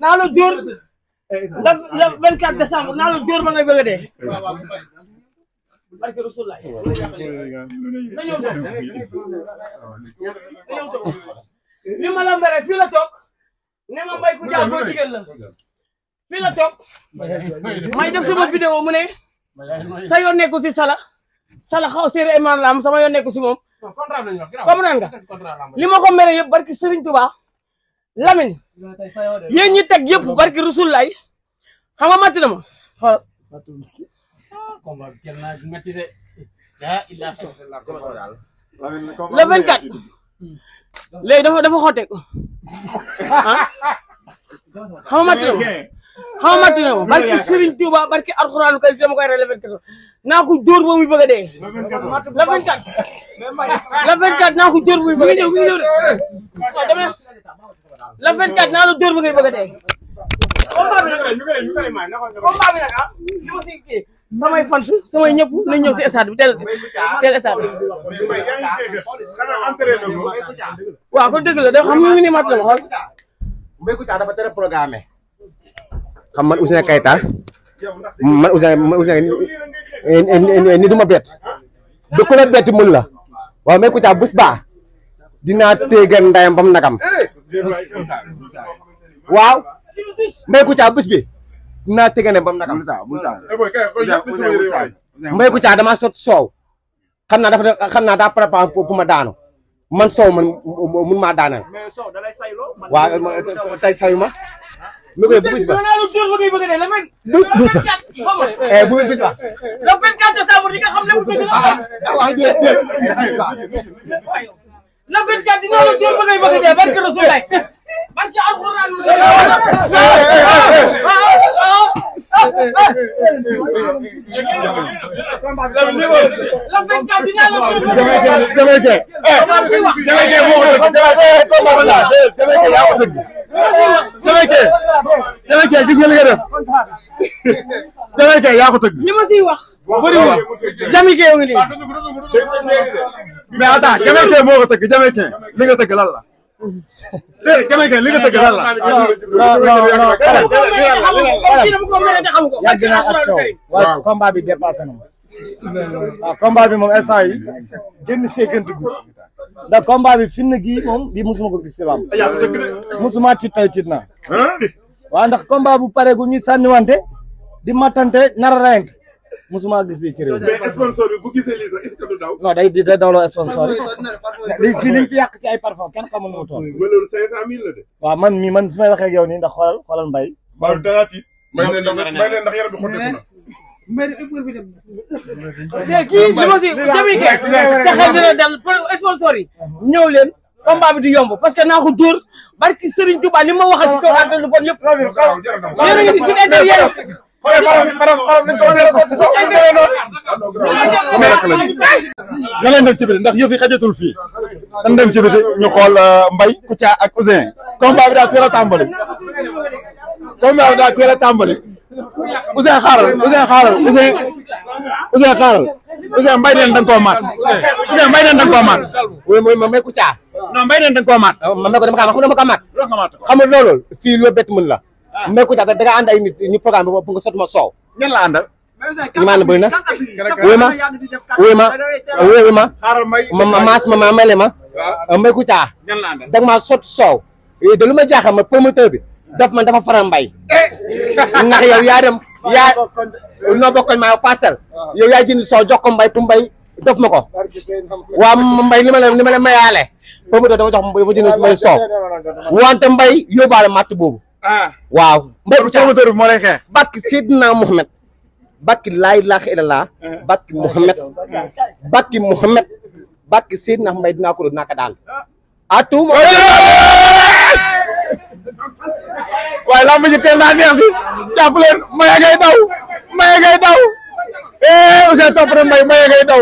naa la dóor la la 24 décembre naa la dóor ba ngay bëgg a dee. ma la mere fii ne ma mbay ku jaatoo digal la fii may def sama vidéo mu ne sa yoon nekkul si sala sala xaw séeréer imaan la sama yo nekkul si moom. comprendre nga li ma ko mere barki Serigne Touba Lamine yéen ñi teg yëpp barki Rasul lay xam nga matti na ma xool. Ah, le 24 léegi dafa dafa xoteeg ah xam na ma xam nga matti na ma barki Serigne Touba barki Alxuraan kay dama koy rey le 24 naa ko dóor ba muy bëgg dee. le 24 la 24 naa ko dóor muy bëgg a dee mu la 24 naa ko dóor mu ngi bëgg a dee. ma si kii samay fans samay ñëpp si stade bi tel tel stade bi. waaw kon dëgg la da xam nga ni mat la ma xool. dafa tere programme xam man Ouzin man Ouzin man Ouzin ni duma bett du ko la bett la. waaw mais Kouthia bés baa dinaa téegal ndayam nagam eh! waaw mais Kouthia bés bi dinaa téegal ndayam bam nagam mais Kouthia damaa soow xam naa dafa xam naa daa préparé pour daanu man soow man mun maa daanal waaw tey sayuma lu koy bu bis ba bu bis ba. le 24 décembre di nga xam lépp dëgg la. le 24 dina la dóor ba ngay bëgg a dee barke Rasulaay barke alxuraan la 24 dina la dóor ba ngay bëgg a dee. Jamaïcain Jamaïcain Jamaïcain Jamaïcain gis nga li nga def Jamaïcain yaa ko tëgg. li ma siy wax. bëriwul Jamaïcain yaa ngi nii. mais attends Jamaïcain moo ko tëgg Jamaïcain li nga tëgg lan la. déedéet Jamaïcain li nga tëgg lan la. non non non yàgg naa ak coow waaye combat bi dépassé na ma. waaw ah, combat bi moom instant yi génn seeganti guddi ndax combat bi fin gii moom lii mosuma ko gis ci lamb mosuma tiit tey tiit naa waaw ndax combat bu pare gu ñuy sànniwante di mattante nar a rayante mosuma gis lii ci réew mi. mais sponsor bi bu day day dawloo sponsor bi fii fi yàq ci ay parfum kenn xamul nu mu toll. wala man mii man su may waxee ak yow ndax xoolal xoolal mbay. waaw dara tiit. may leen ndax yaram mais kii li ma si Jamaïcain sa xel dina dal sponsor yi ñëw leen combat bi di yomb parce que naa ko dóor barki Serigne Touba li ma waxal si kaw àdduna bon yëpp yéen a ngi di dem ci ndax yëf yi xajatul fii dañ dem ci biti ñu xool Mbaye Kouthia ak Ouzin combat bi daa teel a tàmbali combat bi daa teel a tàmbali Ousseyn xaaral Ousseyn xaaral Ousseyn Ousseyn xaaral Ousseyn mbay neen da nga koo maat Ousseyn mbay neen da nga koo maat. mooy ma may ku caa. non mbay neen da nga koo maat. Oh, man ma ko dama kaa xam dama ko maat. xam nga loolu fii loo bett mën la. Ah. may ku caa da nga ànd ay nit ñu programme bi pour nga sotti ma soow. ñan la àndal. ñu ma ànd bëri na. wuy ma wuy ma wuy ma ma ma maas ma ma mele ma. may ku caa. ñan la àndal da nga maa sotti soow. Eh, de lu ma jaaxal ma promoteur bi. daf man dafa faral mbay eh! ndax yow yaa dem yaa noo bokkoñ maa parcelle ah. yow yaa jënd soo jox mbay pour mbay daf ma ko waa mbay li ma la li ma la mayaale boobu doo dafa jox dafa jënd mbay soow wante mbay yóbbaale boobu ah. waaw mbay promoteur bi moo lay xeex bakki Seydina Mouhamed bakki laa ilaaha illallaah ah. bakki Mouhamed bakki Mouhamed bakki Seydina Mbaye dinaa ko doo dinaa ko daan atum waaye làmb ji teel naa neex di jàpp leen maye ngay daw maye ngay daw eh Ouzin topp na mbay maye ngay daw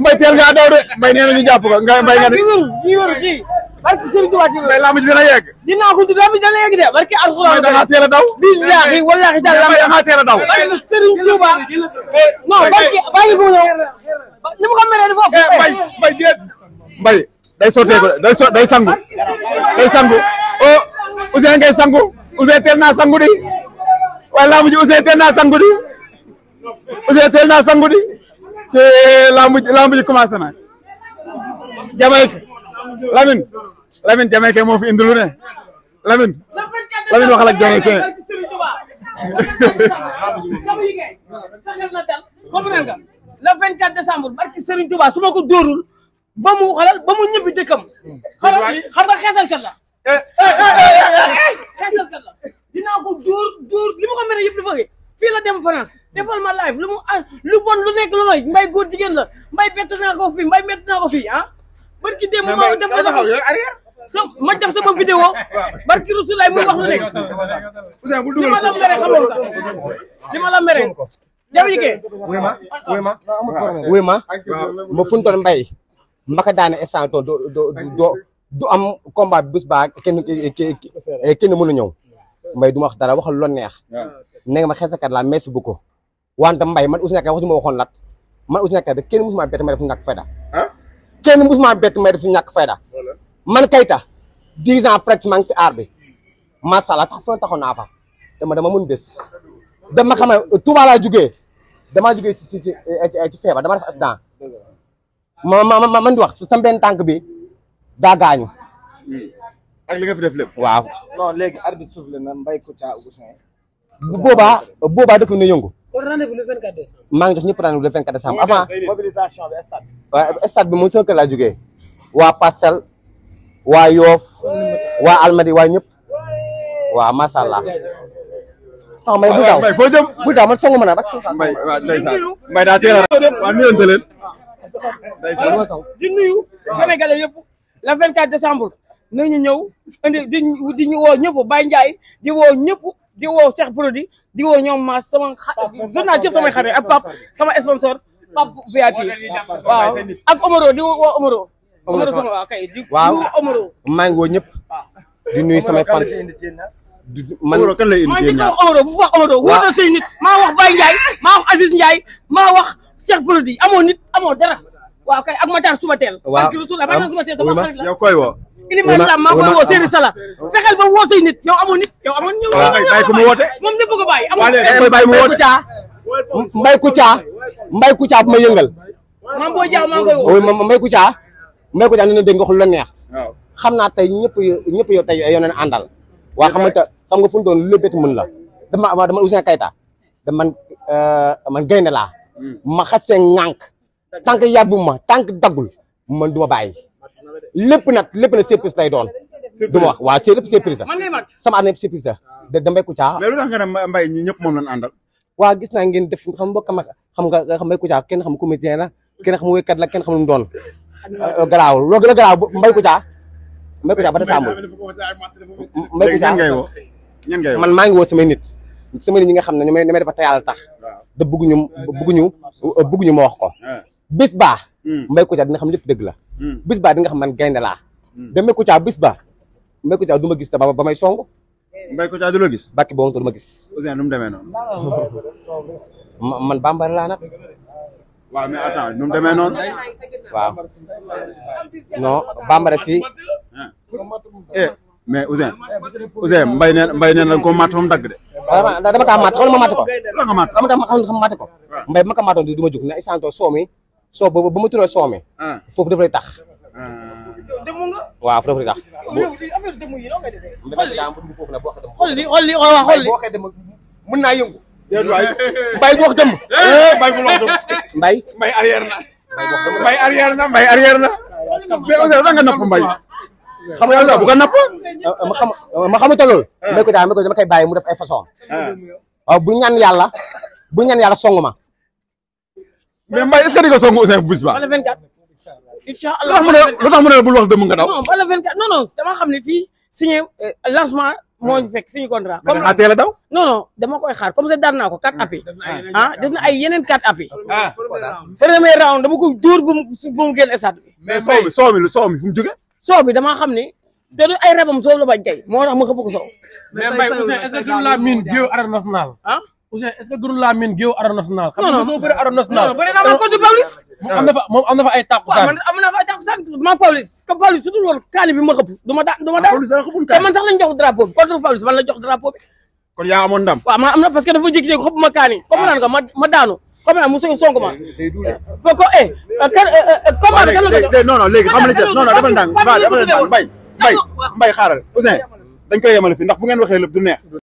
mbay teel ngaa daw de mbay nee na ñu jàpp ko nga mbay nga de. barke Serigne Touba ci lay lamb ji dina yegg dinaa ko dina dina yegg a da lamb dama a daw barke Serigne Touba non barke bàyyi bu ñëw ni mu ko meree dafa eh, bay bay déet bay day sottee day sangu day sangu oh Ouzin ngay sangu Ouzin teel naa sangu di waaye laamu ji naa sangu di Ouzin teel na Jamaïque Lamine Lamine Jamaïque moo fi indi ne Lamine Lamine waxal ak Jamaïque xeesal kat la dinaa ko dóor li ma ko mere yëpp dafa la dem France defal ma lu mu ah, lu bon lu nekk lu may mbay góor jigéen la mbay bett naa ko fii mbay mett naa ko fii ah barki dee mu ma def na sax sa ma def sama vidéo barki Rasulaay muy wax lu nekk li ma la mere xamoon sax li ma la mere jaw yike wuy ma wuy ma wuy ma ma funtoon mbay maka daana instant do do do du am combat bi bés baa kenn eh, kenn mënu ñëw mbay duma ma wax dara waxal lu neex ne nga ma la laa merci ko wante mbay man Ouzin Ndiaye waxu ma waxoon lat man Ouzin Ndiaye kenn musuma bett may def ñàkk fayda kenn musuma bett may def ñàkk fayda man Keita dix ans pratiquement si aar bi macha allah tax fu ne taxoon naa fa dama dama mun bés dama xam ne Touba laa jugee damaa jugee ci ci ci feebar dama def accident ma ma man di wax sa benn tànk bi. daa gaañu. Hmm. ak li nga fi def lépp. waaw non léegi arbitre suuf la na Mbaye Kouthia Ougousin. bu boobaa boobaa dëkk bi dina yëngu. kon rendez-vous le 24 décembre. maa ngi def ñëpp rendez-vous le 24 décembre avant. mobilisation bi stade bi. waaw stade bi moom sama kër laa jógee. waa Parcelles. waa Yoff. waa Almadi waa ñëpp. waaw macha allah. ah Mbaye bu daaw Mbaye foo jëm bu daaw man songu ma naan ak. Mbaye waaw ndeysaan Mbaye daa teel a. waaw nuyonte leen. ndeysaan di nuyu sénégalais yëpp. la 24 décembre nañu ñëw indi di di ñu woo ñëpp Baye Ndiaye di woo ñëpp di woo Cheikh Produit di woo ñoom ma sama journal yëpp samay xarit ak Pape waaw ak Omaro di woo Omaro Omaro sama waaw kay di woo Omaro maa ngi woo ñëpp di nuyu samay fans ah? man Omaro kan lay indi jéem ah? maa wax Baye Ndiaye maa wax Aziz Ndiaye amoo nit amoo dara waaw kay ak Matar suba teel. waaw ak Rasul Matar suba teel dama xarit la yow koy woo. Ilimane Lam maa koy woo Serigne Sala fexeel ba woo say nit yow amoon nit yow amoon ñëw. waaw kay bàyyi ko mu woote moom ñëpp ko bàyyi. amul mbay bàyyi mu woote mbay Kouthia mbay Kouthia bu ma yëngal. maam boo jaaw maa koy woo mbay Kouthia mbay Kouthia nee na dégg nga xul la neex. waaw xam naa tey ñëpp ñëpp yow tey yow nañu àndal. waaw xam nga xam nga fu mu doon lu bett mën la dama dama Ouzin Keita da man euh, man gaynde laa hmm. ma xasee ŋànk tànk yàbbuma tànk daggul man du ma bàyyi lépp nag lépp nag surprise lay doon. du wax waaw c'est lépp surprise la sama année surprise la da damay Kouthia. mais lu tax nga ne Mbaye ñëpp moom lañ waa gis naa ngeen def xam mbokk mag xam nga xam Mbaye Kouthia kenn xam comédien la kenn xam wéykat la kenn xam lu mu doon. Euh, garaawul a garaaw Mbaye Kouthia. Mbaye Kouthia ba desamul Mbaye Kouthia ngay woo ñan ngay man maa ngi woo samay nit. samay nit ñi nga xam ne ni may ni dafa te yàlla tax. waaw te bëgguñu bëgguñu ñu ma wax ko. Ah. bis baa hmm. Mbaye Kouthia dina xam lépp dëgg la hmm. bis baa nga xam man gaynde laa hmm. da Mbaye Kouthia bis baa Mbaye Kouthia du ma gis te ba may song Mbaye Kouthia du gis bàkki boo du ma gis Ouzin nu mu demee noonu man bambara laa nag waaw mais attends nu mu demee noonu waaw non bambara si eh, mais Ouzin Ouzin mbay neen mbay neen la ko matt fa mu dagg de dama kaa matt xam ma matt ko la nga matt xam ma matt ko mbay bu ma ko mattoon du ma jóg na isanto soomi soo boobu ba ma turee soome. Ah. foofu daf lay tax. Ah. demu nga. waaw foofu daf lay tax. yow lii affaire demu yi nga defee. xool lii xool lii foofu nag boo xam ne. xool lii xool lii waaw xool lii boo xam ne mën naa yëngu. déedéet waay mbay eh, eh, bu wax dëmm. mbay bu wax dëmm. mbay mbay arrière na. mbay arrière na mbay arrière na. mais aussi da nga napp mbay. xam nga bu ko napp. Eh, ma xam ma xamante loolu. mais ko daal ma ko dama koy bàyyi mu def ay façon. waaw bu ñaan yàlla bu ñaan yàlla song ma mais Mbaye est-ce que di nga songu Ousseyn bu bis ba. wala 24. incha allah mu ne bul wax dëmm nga daw. non wala 24 non dama xam ne fii signé euh, lancement. moo ñu fekk suñu contrat. comme la teel a daw. non non dama koy xaar comme ça daan naa ko 4 hmm. appui. ah des na ay yeneen 4 appui. ah premier round dama ko dóor ba mu ba mu génn stade bi. bi fu mu jógee. soo damaa xam ne. te du ay rabam soow la bañ kay moo tax ma xëpp ko soow. mais Mbaye Ousseyn est-ce que la mine Dieu arène nationale ah. Ousseyn est-ce que gënul laa mën géew arène nationale. xam nga soo bëri arène am na ay tàkkusaan. waaw man am na su dul woon kaani bi ma xëpp du daan du ah, daan. Pawlish dana xëppul kaani te man man la jox drapeau kon yaa amoon ndam. waaw man daanu. comprendre mu song ma. day duule ko eh. comment kan la ko jox non non léegi xam nga mbay mbay xaaral Ousseyn dañ koy yemale fi ndax bu ngeen waxee lépp du